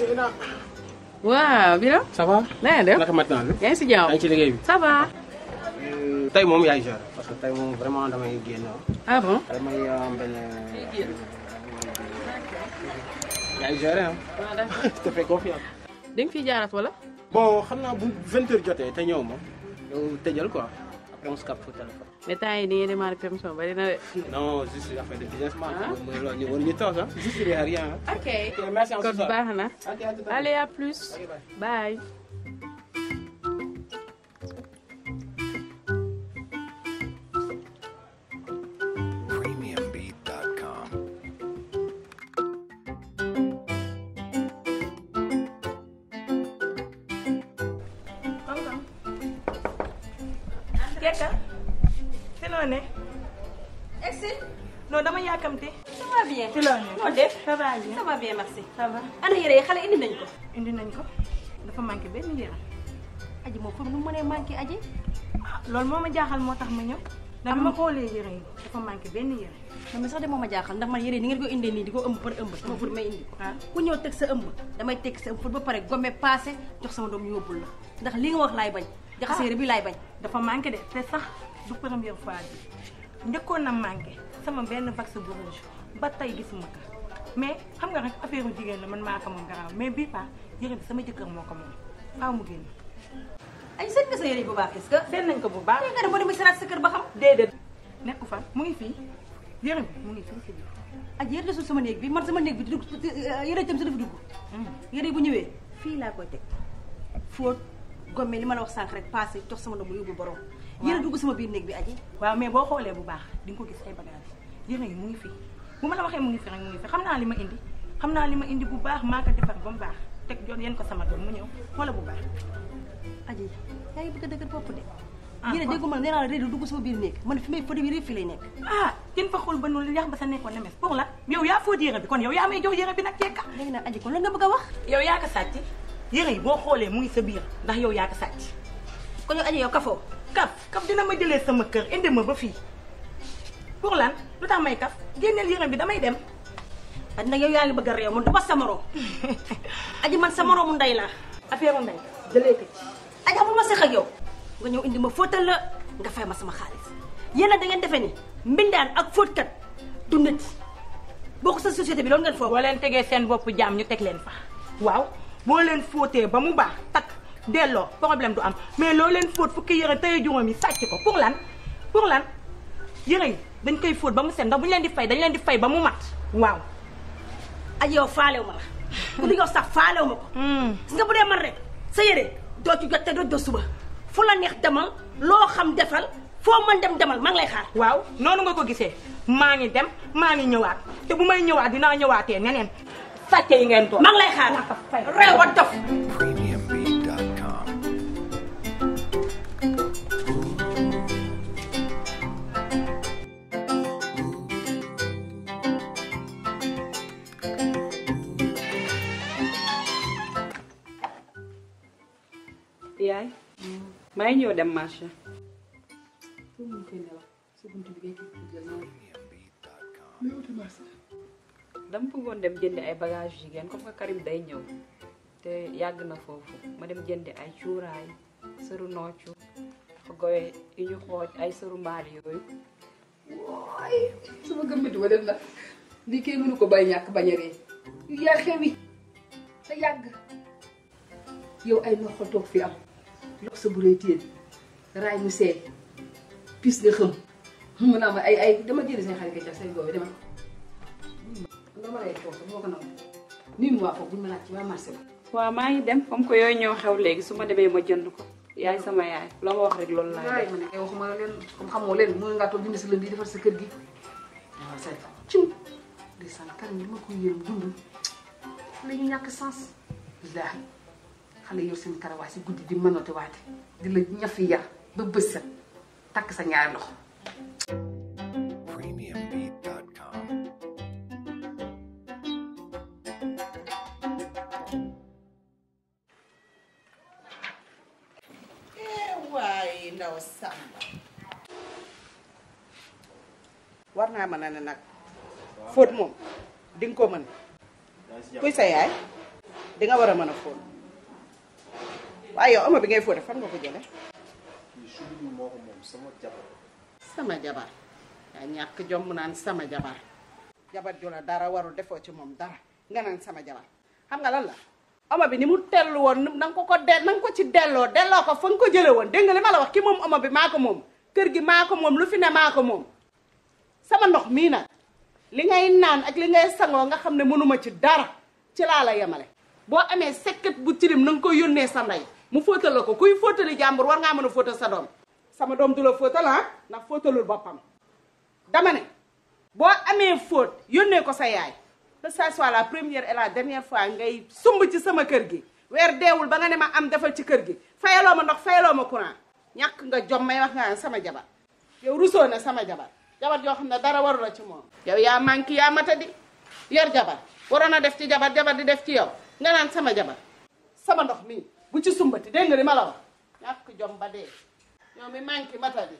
Seyna. waaw Birame. ça va. na nga def naka matinal bi. si jàmm yaa ngi ci liggéey bi. ça va. Euh, tey moom yaay géré parce que tey moom vraiment damay génn. ah bon damay am benn. yaay géré ah. te fais confiance. da nga fiy jaarat wala. bon xam naa bu 20h jotee te ñëw ma. yow tëjal quoi. Gamscap Fouta la fa. mais temps yii nii yéen a permission bari de. non juste affaire de business man. mooy loolu ñu war ñu toog ah. juste rien. ¿eh? ok kon baax na. plus. bye. Kekkal fi loo ne. egsi. dama yàkkamti. ça va bien. fi loo ne noo def. ça va bien ça bien merci. ça ana yére yi xale indi nañ ko. indi nañ ko dafa manqué benn yére. aji moom foofu nu ma mënee manqué aji. Ah, loolu moo ma jaaxal moo tax ma ñëw. ndax bi ma xoolee yére yi dafa manqué benn yére. mais sax de moo ma jaaxal ndax man yére yi ni ngeen ko indee nii di ko ëmb par ëmb sama pour may indi ah. ku ñëw teg sa ëmb damay teg sa ëmb pour ba pare gomme passé jox sama doom yóbbul la ndax li nga wax laay bañ jaxaseere ah. bi laay bañ. dafa manqué de te sax du première fois bi njëkkoon na manqué sama benn vaccin bu rouge ba tey gisuma ko mais xam nga rek affaire jigéen la man maa ko moom garaaw mais bii paa yére sama jëkkër moo ko moom ay seen nga bu baax est-ce que. seen nañ ko bu baax nga dem ba demee kër ba xam. déedéet nekku fan mu ngi fii yére bi mu ngi fii si ak yére desul sama néeg bi man sama néeg bi di dugg yére itam dugg. Hmm. yére bu ñëwee fii laa koy teg fóot. gomme li ma la wax sànq rek passé jox sama doomu yóbbu borom yéen dugg sama biir néeg bi aji waaw mais boo xoolee bu baax di nga ko gis ay ngi fi bu ma la waxee mu ngi fi xam naa li ma indi xam naa li ma indi bu baax maa ko defar ba mu baax ko sama doom mu ñëw a dëgër bopp de ah, yéen déggu ma nee naa la réer dugg nekk ah yéen fa sa nekkoon nemes pour la yow yaa kon yow yaa may jox bi nag ceeka léegi nag aji kon lan nga bëgg a wax yow yaa ko sàcc yére yi boo xoolee mu ngi sa biir ndax yow yaa ko sàcc kon yow aji yow kafoo kaf kaf dina ma jëlee sama kër indi ma ba fii pour lan lu tax may kaf génneel yére bi damay dem waaye nag yow yaa ngi bëgg a réew mu dama sa morom aji man sa moroomu ndey laa affaire u ndey jëlee ko ci aji xamul ma seq ak yow nga ñëw indi ma fóotal la nga fay ma sama xaalis yéen da ngeen defee ni mbindaan ak fóotkat du nit boo ko sa société bi loolu ngeen foog boo leen tegee seen bopp jaam ñu teg leen fa waaw boo leen fóotee ba mu baax takk delloo problème du am mais loo leen fóot fukki yére te juróom yi sàcc ko pour lan pour lan yëre yi dañ koy fóot ba mu set ndax bu ñu leen di fay dañ leen di fay ba mu mat waaw ak yow faalew ma la ku hmm. di sax faalew ma ko hmm. gis nga bu dee man rek sa yëre doo ci jot te doo jot suba fu la neex demal loo xam defal foo man dem demal man lay xaar waaw noonu nga ko gisee maa ngi dem maa ngi ñëwaat te bu may ñëwaat dinaa ñëwaatee neneen sàcce yi ngeen doon. maa ngi lay xaar réew wa dof. yaay maa ngi ñëw dem marché. dama bëggoon dem jëndi ay bagage jigéen comme que Karim day ñëw te yàgg na foofu ma dem jëndi ay cuuraay sëru noocu goye yu ñu xooj ay sëru mbaal yooyu waay sama gëmmit wa dem la lii kay mënu ko bay ñàkk bañ a ree yaa xewi te yàgg yow ay noxo toog fi am lox sa bu téen raay mu seey pis nga xëm mun naa ma ay ay dama jënd say xarit ka ca say goowe dama lay toog boo ko nangu nii mu waa ko buñ ma laaj ci waa marché ba. waaw maa ngi dem comme que yooyu ñoo xew léegi su ma demee ma jënd ko yaay sama yaay la ma wax rek loolu laa. yaay ma ne waxuma leen comme xamoo leen mën ngaa toog bind si lënd yi defar sa kër gi waaw say cim ndeysaan karim li ma koy yërëm dund la ñu ñàkk sens billaahi xale yor seen karawaas yi guddi di mënoote waate di la ñafi yar ba bës sa takk sa ñaari loxo ndaw Samba war naa mën a ne nag fóot moom di ko mën kuy sa yaay di war a mën a fóot waaye yow ama bi ngay fóote fan nga ko jële sama jabar yaa ñàkk jom mu naan sama jabar jabar ju la dara warul defoo ci moom dara nga naan sama jabar xam nga lan la omo bi ni mu tellu woon na nga ko ko de na ko ci delloo delloo ko fa nga ko jële woon dégg nga li ma la wax ki moom omo bi maa ko moom kër gi maa ko moom lu fi ne maa ko moom sama ndox mii nag li ngay naan ak li ngay sangoo nga xam ne mënuma ci dara ci laa la yemale boo amee sekkat bu tilim na nga koy yónnee sa ndey mu fóotal la ko kuy fóotali jàmbur war ngaa mën a fóotal sa doom sama doom du la fóotal ah ndax fóotalul boppam dama ne boo amee fóot yónnee ko sa yaay que ça soit la première et la dernière fois ngay sumb ci sama kër gi weer deewul ba nga ne ma am defal ci kër gi fayaloo ma ndox fayaloo ma courant ñàkk nga jom may wax nga sama jabar yow rusoo na sama jabar jabar yoo xam ne dara waru la ci moom yow yaa manqué yaa matadi yor jabar waroon a def ci jabar jabar di def ci yow nga naan sama jabar sama ndox mi bu ci sumbati dégg nga li ma la wax ñàkk jom ba dee yow mi manqué matadi